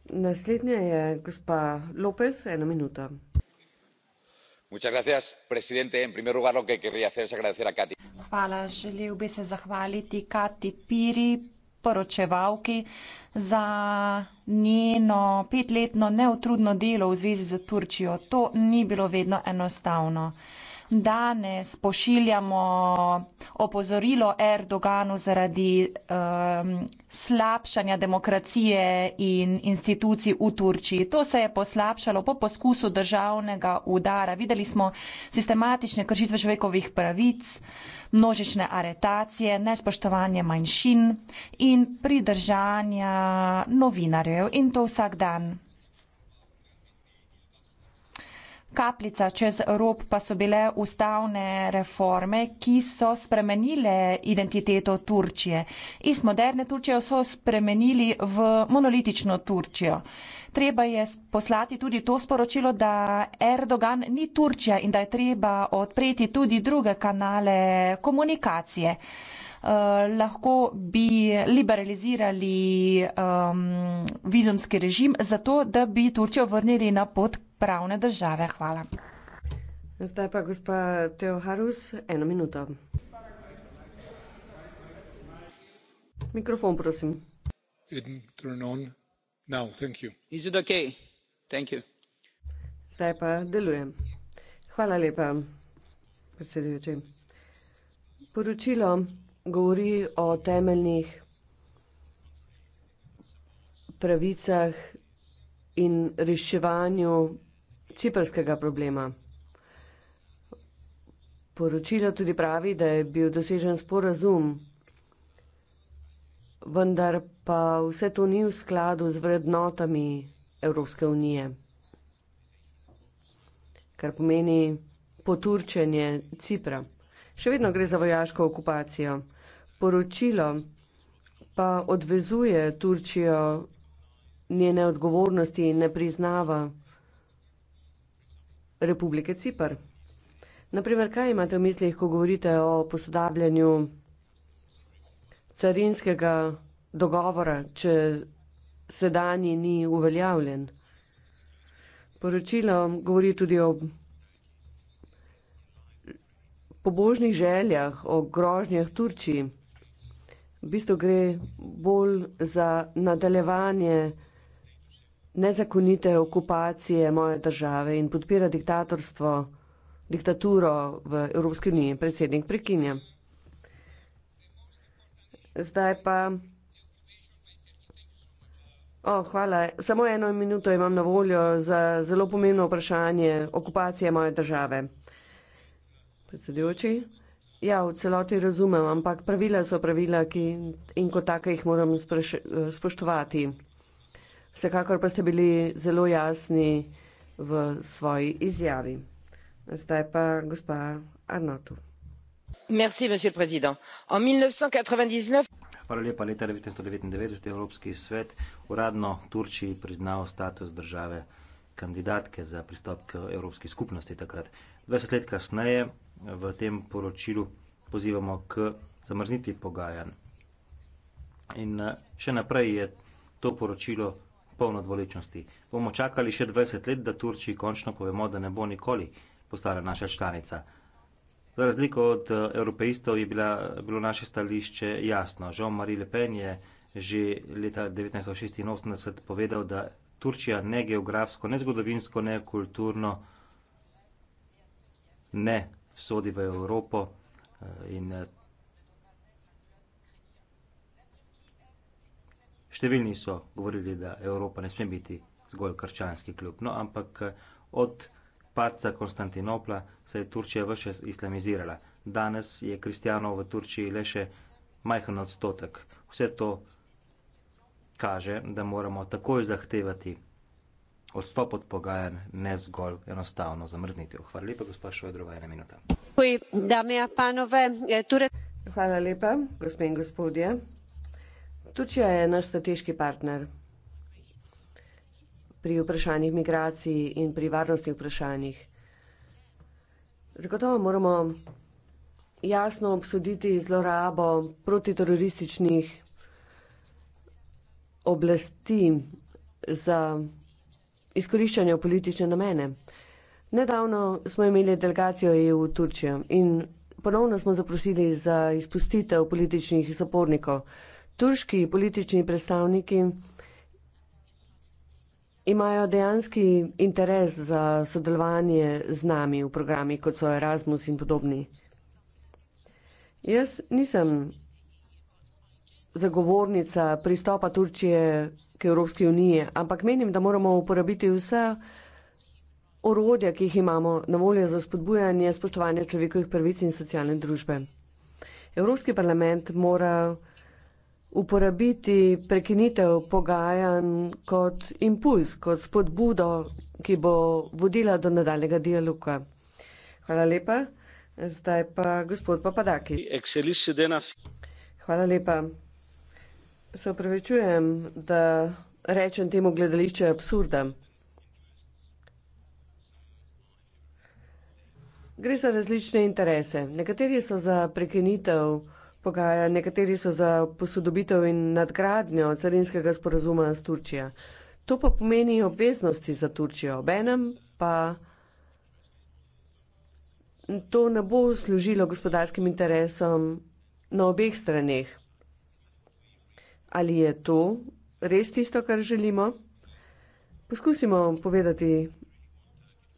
Naslednja je gospa Lopez, ena minuta. Muchas gracias, presidente. En primer lugar, lo que querría hacer es agradecer a Katy. Hvala. Želel bi se zahvaliti Katy Piri, poročevalki za njeno petletno neutrudno delo v zvezi z Turčijo. To ni bilo vedno enostavno danes pošiljamo opozorilo Erdoganu zaradi um, slabšanja demokracije in institucij v Turčiji. To se je poslabšalo po poskusu državnega udara. Videli smo sistematične kršitve človekovih pravic, množične aretacije, nespoštovanje manjšin in pridržanja novinarjev in to vsak dan. kapljica čez rob pa so bile ustavne reforme, ki so spremenile identiteto Turčije. Iz moderne Turčije so spremenili v monolitično Turčijo. Treba je poslati tudi to sporočilo, da Erdogan ni Turčija in da je treba odpreti tudi druge kanale komunikacije. Eh, lahko bi liberalizirali um, vizumski režim, zato da bi Turčijo vrnili na pot pravne države. Hvala. Zdaj pa gospa Teo Harus, eno minuto. Mikrofon, prosim. Now, okay? Zdaj pa deluje. Hvala lepa, predsedujoči. Poročilo govori o temeljnih pravicah in reševanju ciprskega problema. Poročilo tudi pravi, da je bil dosežen sporazum, vendar pa vse to ni v skladu z vrednotami Evropske unije, kar pomeni poturčenje Cipra še vedno gre za vojaško okupacijo. Poročilo pa odvezuje Turčijo njene odgovornosti in ne priznava Republike Cipr. Naprimer, kaj imate v mislih, ko govorite o posodabljanju carinskega dogovora, če sedanji ni uveljavljen? Poročilo govori tudi o pobožnih željah, o grožnjah Turčiji. V bistvu gre bolj za nadaljevanje nezakonite okupacije moje države in podpira diktatorstvo, diktaturo v Evropski uniji. Predsednik prekinja. Zdaj pa. O, hvala. Samo eno minuto imam na voljo za zelo pomembno vprašanje okupacije moje države predsedujoči. Ja, v celoti razumem, ampak pravila so pravila ki, in kot take jih moram spraš, spoštovati. Vsekakor pa ste bili zelo jasni v svoji izjavi. Zdaj pa gospa Arnotu. Merci, monsieur le président. En 1999... Hvala lepa, leta 1999 je Evropski svet uradno Turčiji priznal status države kandidatke za pristop k Evropski skupnosti takrat. 20 let kasneje v tem poročilu pozivamo k zamrznitvi pogajanj. In eh, še naprej je to poročilo polno dvoličnosti. Bomo čakali še 20 let, da Turčiji končno povemo, da ne bo nikoli postala naša članica. Za razliko od eh, evropejistov je bila, bilo naše stališče jasno. Jean-Marie Le Pen je že leta 1986 povedal, da Turčija ne geografsko, ne zgodovinsko, ne kulturno, ne sodi v Evropo eh, in eh, številni so govorili, da Evropa ne sme biti zgolj krščanski kljub. No, ampak eh, od paca Konstantinopla se je Turčija vse islamizirala. Danes je kristijanov v Turčiji le še majhen odstotek. Vse to kaže, da moramo takoj zahtevati odstop od pogajanj, ne zgolj enostavno zamrznitev. Hvala lepa, gospod Šojdrova, ena minuta. E, torej- Hvala lepa, gospe in gospodje. Turčija je naš strateški partner pri vprašanjih migracij in pri varnostnih vprašanjih. Zagotovo moramo jasno obsoditi zlorabo protiterorističnih oblasti za izkoriščanja v politične namene. Nedavno smo imeli delegacijo EU v Turčijo in ponovno smo zaprosili za izpustitev političnih zapornikov. Turški politični predstavniki imajo dejanski interes za sodelovanje z nami v programih, kot so Erasmus in podobni. Jaz nisem zagovornica pristopa Turčije k Evropski uniji, ampak menim, da moramo uporabiti vse orodja, ki jih imamo na voljo za spodbujanje spoštovanja človekovih prvic in socialne družbe. Evropski parlament mora uporabiti prekinitev pogajanj kot impuls, kot spodbudo, ki bo vodila do nadaljega dialoga. Hvala lepa. Zdaj pa gospod Papadaki. Hvala lepa. Se upravičujem, da rečem temu gledališču absurda. Gre za različne interese. Nekateri so za prekenitev pogaja, nekateri so za posodobitev in nadgradnjo carinskega sporazuma s Turčijo. To pa pomeni obveznosti za Turčijo. Obenem pa to ne bo služilo gospodarskim interesom na obeh straneh ali je to res tisto, kar želimo. Poskusimo povedati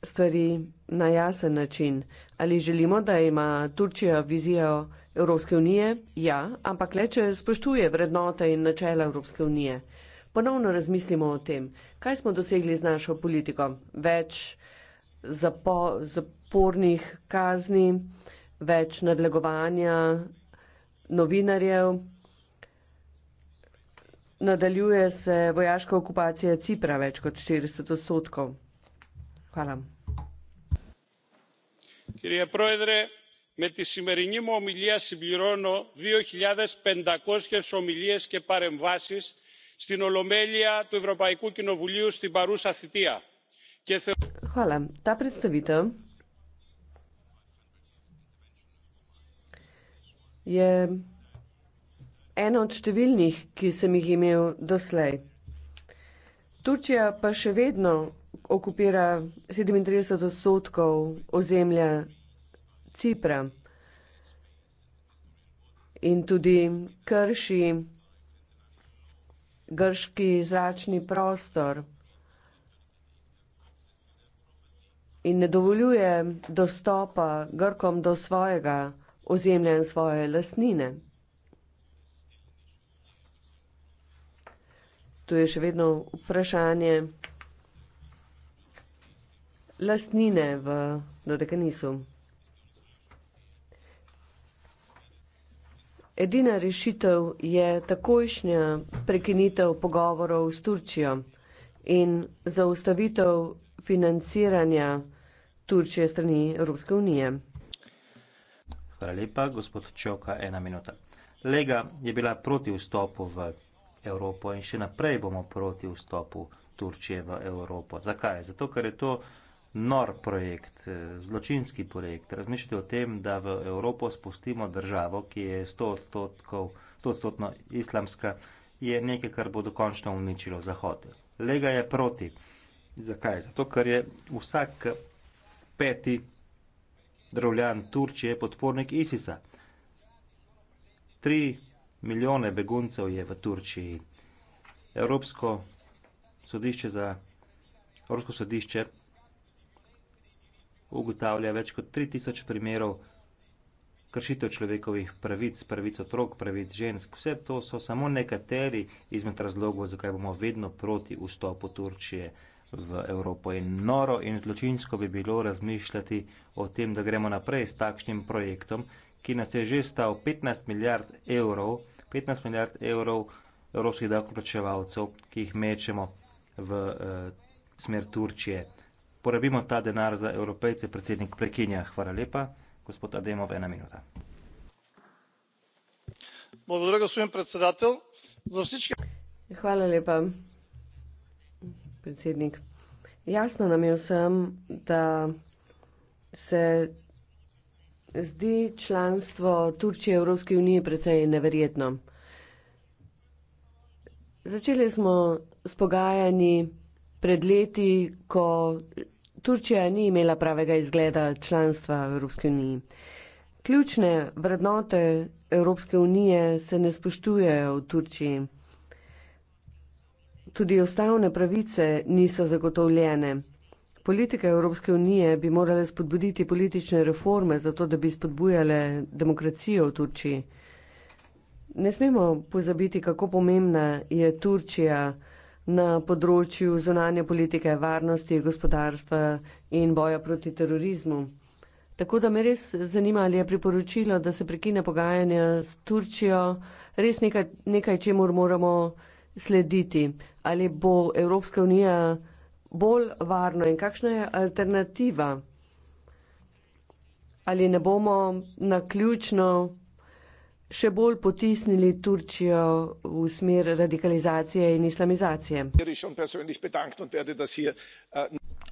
stvari na jasen način. Ali želimo, da ima Turčija vizijo Evropske unije? Ja, ampak le, če spoštuje vrednote in načela Evropske unije. Ponovno razmislimo o tem, kaj smo dosegli z našo politiko. Več zapo, zapornih kazni, več nadlegovanja novinarjev nadaljuje se vojaška okupacija Cipra več kot 400 odstotkov. Hvala. Kyrie Prodre, με τη σημερινή μου ομιλία συμπληρώνω 2.500 ομιλίες και παρεμβάσεις στην Ολομέλεια του Ευρωπαϊκού Κοινοβουλίου στην παρούσα θητεία. Και θεω... Χαλά, τα πρεστεβείτε. Yeah eno od številnih, ki sem jih imel doslej. Turčija pa še vedno okupira 37 odstotkov ozemlja Cipra in tudi krši grški zračni prostor in ne dovoljuje dostopa Grkom do svojega ozemlja in svoje lasnine. tu je še vedno vprašanje lastnine v dodekanisu. Edina rešitev je takojšnja prekinitev pogovorov s Turčijo in zaustavitev financiranja Turčije strani Evropske unije. Hvala lepa, gospod Čoka, ena minuta. Lega je bila proti vstopu v Evropo in še naprej bomo proti vstopu Turčije v Evropo. Zakaj? Zato, ker je to nor projekt, eh, zločinski projekt. Razmišljate o tem, da v Evropo spustimo državo, ki je 100%, 100 islamska, je nekaj, kar bo dokončno uničilo Zahod. Lega je proti. Zakaj? Zato, ker je vsak peti državljan Turčije podpornik ISIS-a. Tri milijone beguncev je v turčiji evropsko sodišče za evropsko sodišče ugotavlja več kot 3000 primerov kršitev človekovih pravic, pravic otrok, pravic žensk. Vse to so samo nekateri izmed razlogov, zakaj bomo vedno proti vstopu Turčije v Evropo. In noro in zločinsko bi bilo razmišljati o tem, da gremo naprej s takšnim projektom, ki nas je že stal 15 milijard evrov, 15 milijard evrov evropskih davkoplačevalcev, ki jih mečemo v eh, smer Turčije. Porabimo ta denar za evropejce, predsednik prekinja. Hvala lepa, gospod Ademov, ena minuta. Hvala, gospod predsedatelj. Za vsičke... Hvala lepa, predsednik. Jasno nam je vsem, da se zdi članstvo Turčije Evropske unije precej neverjetno. Začeli smo s pogajanji pred leti, ko Turčija ni imela pravega izgleda članstva Evropske unije. Ključne vrednote Evropske unije se ne spoštujejo v Turčiji. Tudi ustavne pravice niso zagotovljene. Politike Evropske unije bi morale spodbuditi politične reforme, zato da bi spodbujale demokracijo v Turčiji. Ne smemo pozabiti, kako pomembna je Turčija na področju zunanje politike, varnosti, gospodarstva in boja proti terorizmu. Tako da me res zanima, ali je priporočilo, da se prekine pogajanja s Turčijo, res nekaj, nekaj čemu moramo slediti. Ali bo Evropska unija bolj varno in kakšna je alternativa? Ali ne bomo na ključno še bolj potisnili Turčijo v smer radikalizacije in islamizacije?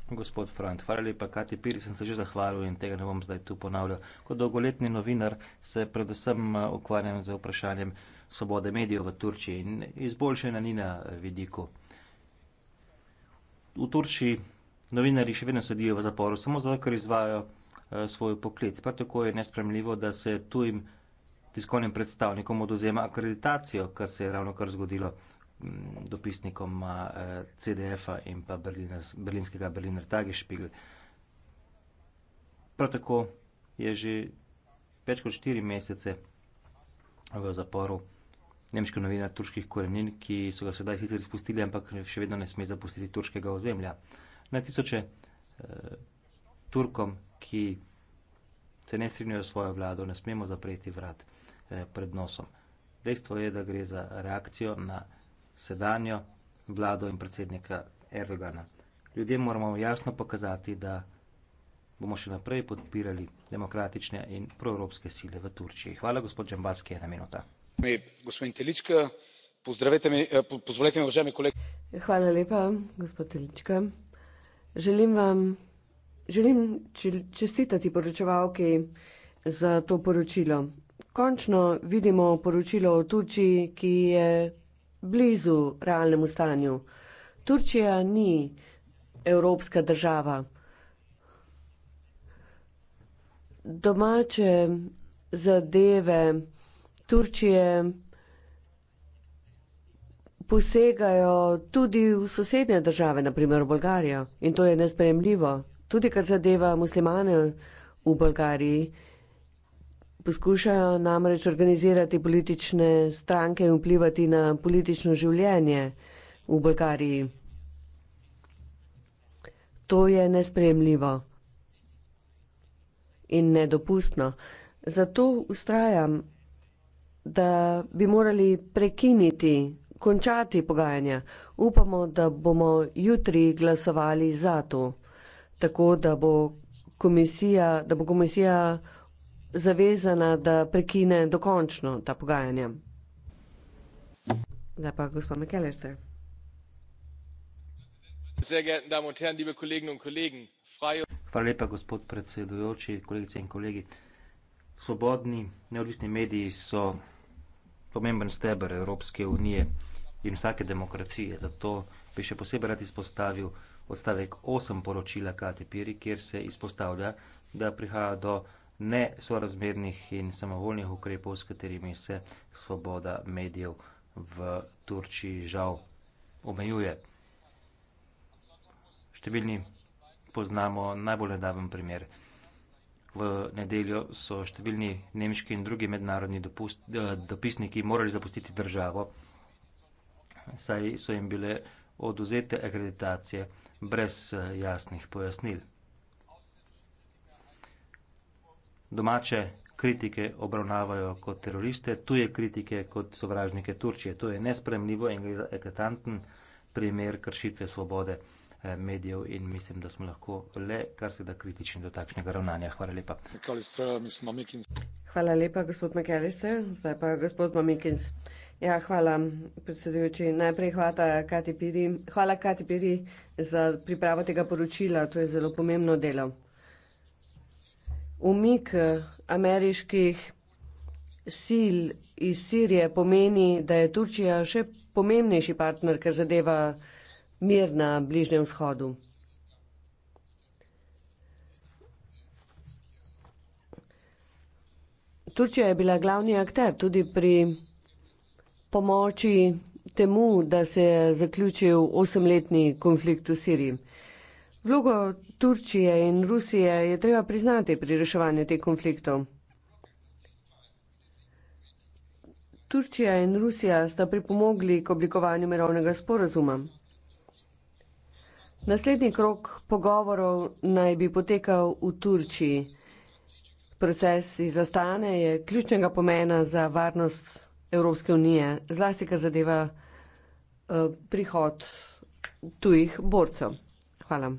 Gospod Frank, hvala lepa, Kati Piri, sem se že zahvalil in tega ne bom zdaj tu ponavljal. Kot dolgoletni novinar se predvsem eh, ukvarjam z vprašanjem svobode medijev v Turčiji in izboljšanja ni na vidiku v Turčiji novinari še vedno sedijo v zaporu, samo zato, ker izvajo uh, eh, svoj poklic. Prav tako je nespremljivo, da se tujim tiskovnim predstavnikom oduzema akreditacijo, kar se je ravno kar zgodilo mm, dopisnikom eh, CDF-a in pa Berliner, berlinskega Berliner Tagesspiegel. Prav tako je že več kot štiri mesece v zaporu nemškega novina turških korenin, ki so ga sedaj sicer izpustili, ampak še vedno ne sme zapustiti turškega ozemlja. Na tisoče eh, Turkom, ki se ne strinjajo svojo vlado, ne smemo zapreti vrat eh, pred nosom. Dejstvo je, da gre za reakcijo na sedanjo vlado in predsednika Erdogana. Ljudem moramo jasno pokazati, da bomo še naprej podpirali demokratične in proevropske sile v Turčiji. Hvala, gospod Džambaski, ena minuta gospe telička pozdravite eh, pozvolite mi uvaženi kolega. hvala lepa gospod telička želim vam želim čestitati poročevalki za to poročilo končno vidimo poročilo o turčiji ki je blizu realnemu stanju turčija ni evropska država domače zadeve Turčije posegajo tudi v sosednje države, naprimer v Bolgarijo. In to je nespremljivo. Tudi kar zadeva muslimane v Bolgariji, poskušajo namreč organizirati politične stranke in vplivati na politično življenje v Bolgariji. To je nespremljivo in nedopustno. Zato ustrajam, da bi morali prekiniti, končati pogajanja. Upamo, da bomo jutri glasovali za to, tako da bo komisija, da bo komisija zavezana, da prekine dokončno ta pogajanja. Zdaj pa gospod McAllister. Hvala lepa, gospod predsedujoči, kolegice in kolegi. Svobodni, neodvisni mediji so pomemben steber Evropske unije in vsake demokracije. Zato bi še posebej rad izpostavil odstavek 8 poročila Katepiri, kjer se izpostavlja, da prihaja do nesorazmernih in samovoljnih ukrepov, s katerimi se svoboda medijev v Turčiji žal omejuje. Številni poznamo najbolj nedaven primer. V nedeljo so številni nemški in drugi mednarodni dopust, eh, dopisniki morali zapustiti državo, saj so jim bile oduzete akreditacije brez eh, jasnih pojasnil. Domače kritike obravnavajo kot teroriste, tuje kritike kot sovražnike Turčije. To je nespremljivo in eklatanten primer kršitve svobode. Eh, medijev in mislim, da smo lahko le kar se da kritični do takšnega ravnanja. Hvala lepa. Hvala lepa, gospod McAllister. Zdaj pa gospod Mamikins. Ja, hvala, predsedujoči. Najprej hvala Kati Piri. Hvala Kati Piri za pripravo tega poročila. To je zelo pomembno delo. Umik eh, ameriških sil iz Sirije pomeni, da je Turčija še pomembnejši partner, kar zadeva mir na Bližnjem vzhodu. Turčija je bila glavni akter tudi pri pomoči temu, da se je zaključil osemletni konflikt v Siriji. Vlogo Turčije in Rusije je treba priznati pri reševanju teh konfliktov. Turčija in Rusija sta pripomogli k oblikovanju mirovnega sporazuma. Naslednji krok pogovorov naj bi potekal v Turčiji. Proces izostane je ključnega pomena za varnost Evropske unije, zlasti kar zadeva uh, prihod tujih borcev. Hvala.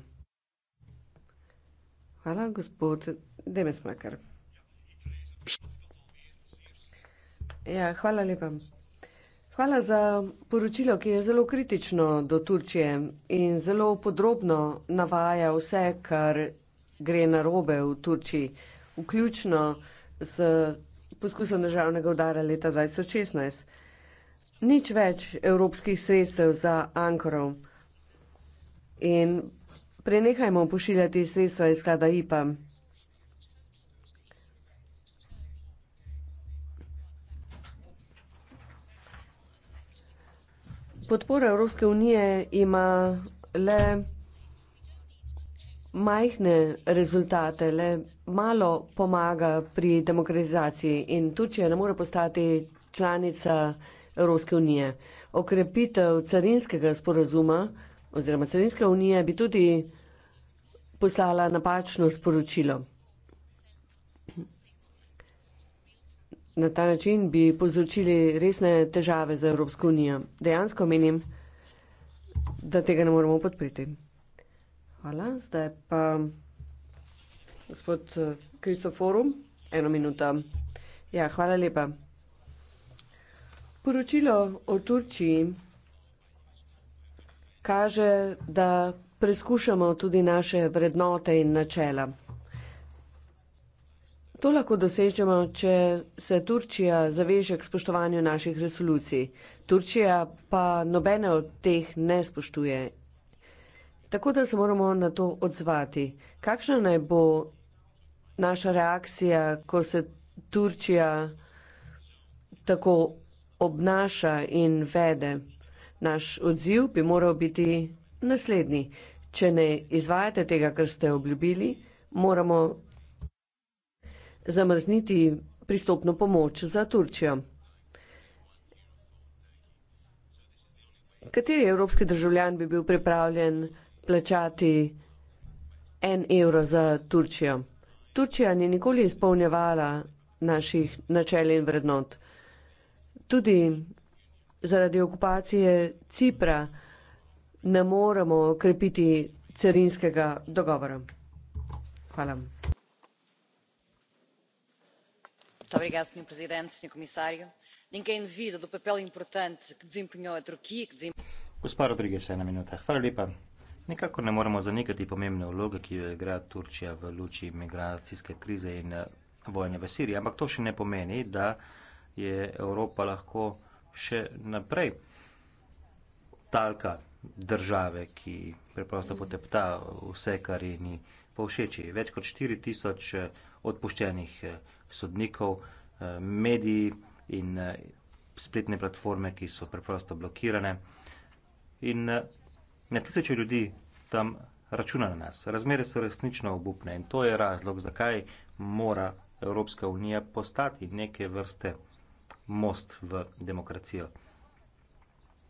Hvala, gospod Demesmaker. Ja, hvala lepa. Hvala za poročilo, ki je zelo kritično do Turčije in zelo podrobno navaja vse, kar gre na robe v Turčiji, vključno z poskusom državnega udara leta 2016. Nič več evropskih sredstev za Ankarov in prenehajmo pošiljati sredstva iz sklada IPA. podpora Evropske unije ima le majhne rezultate, le malo pomaga pri demokratizaciji in Turčija ne more postati članica Evropske unije. Okrepitev carinskega sporazuma oziroma carinske unije bi tudi poslala napačno sporočilo. Na ta način bi povzročili resne težave za Evropsko unijo. Dejansko menim, da tega ne moremo podpreti. Hvala. Zdaj pa gospod Kristoforum, eno minuto. Ja, hvala lepa. Poročilo o Turčiji kaže, da preskušamo tudi naše vrednote in načela. To lahko dosežemo, če se Turčija zaveže k spoštovanju naših resolucij. Turčija pa nobene od teh ne spoštuje. Tako da se moramo na to odzvati. Kakšna naj bo naša reakcija, ko se Turčija tako obnaša in vede? Naš odziv bi moral biti naslednji. Če ne izvajate tega, kar ste obljubili, moramo zamrzniti pristopno pomoč za Turčijo. Kateri evropski državljan bi bil pripravljen plačati en evro za Turčijo? Turčija ni nikoli izpolnjevala naših načel in vrednot. Tudi zaradi okupacije Cipra ne moremo krepiti carinskega dogovora. Hvala. señor presidente señor comisario ninguém duvida do papel importante que desempenhou a turquia que desem... gospa rodrigues ena minuta hvala lepa nikakor ne moremo zanikati pomembne vloge ki jo igra turčija v luči migracijske krize in eh, vojne v siriji ampak to še ne pomeni da je evropa lahko še naprej talka države ki preprosto potepta vse kar ji ni povšeči več kot štiri tisoč eh, odpuščenih eh, sodnikov, eh, mediji in eh, spletne platforme, ki so preprosto blokirane. In eh, na tisoče ljudi tam računa na nas. Razmere so resnično obupne in to je razlog, zakaj mora Evropska unija postati neke vrste most v demokracijo.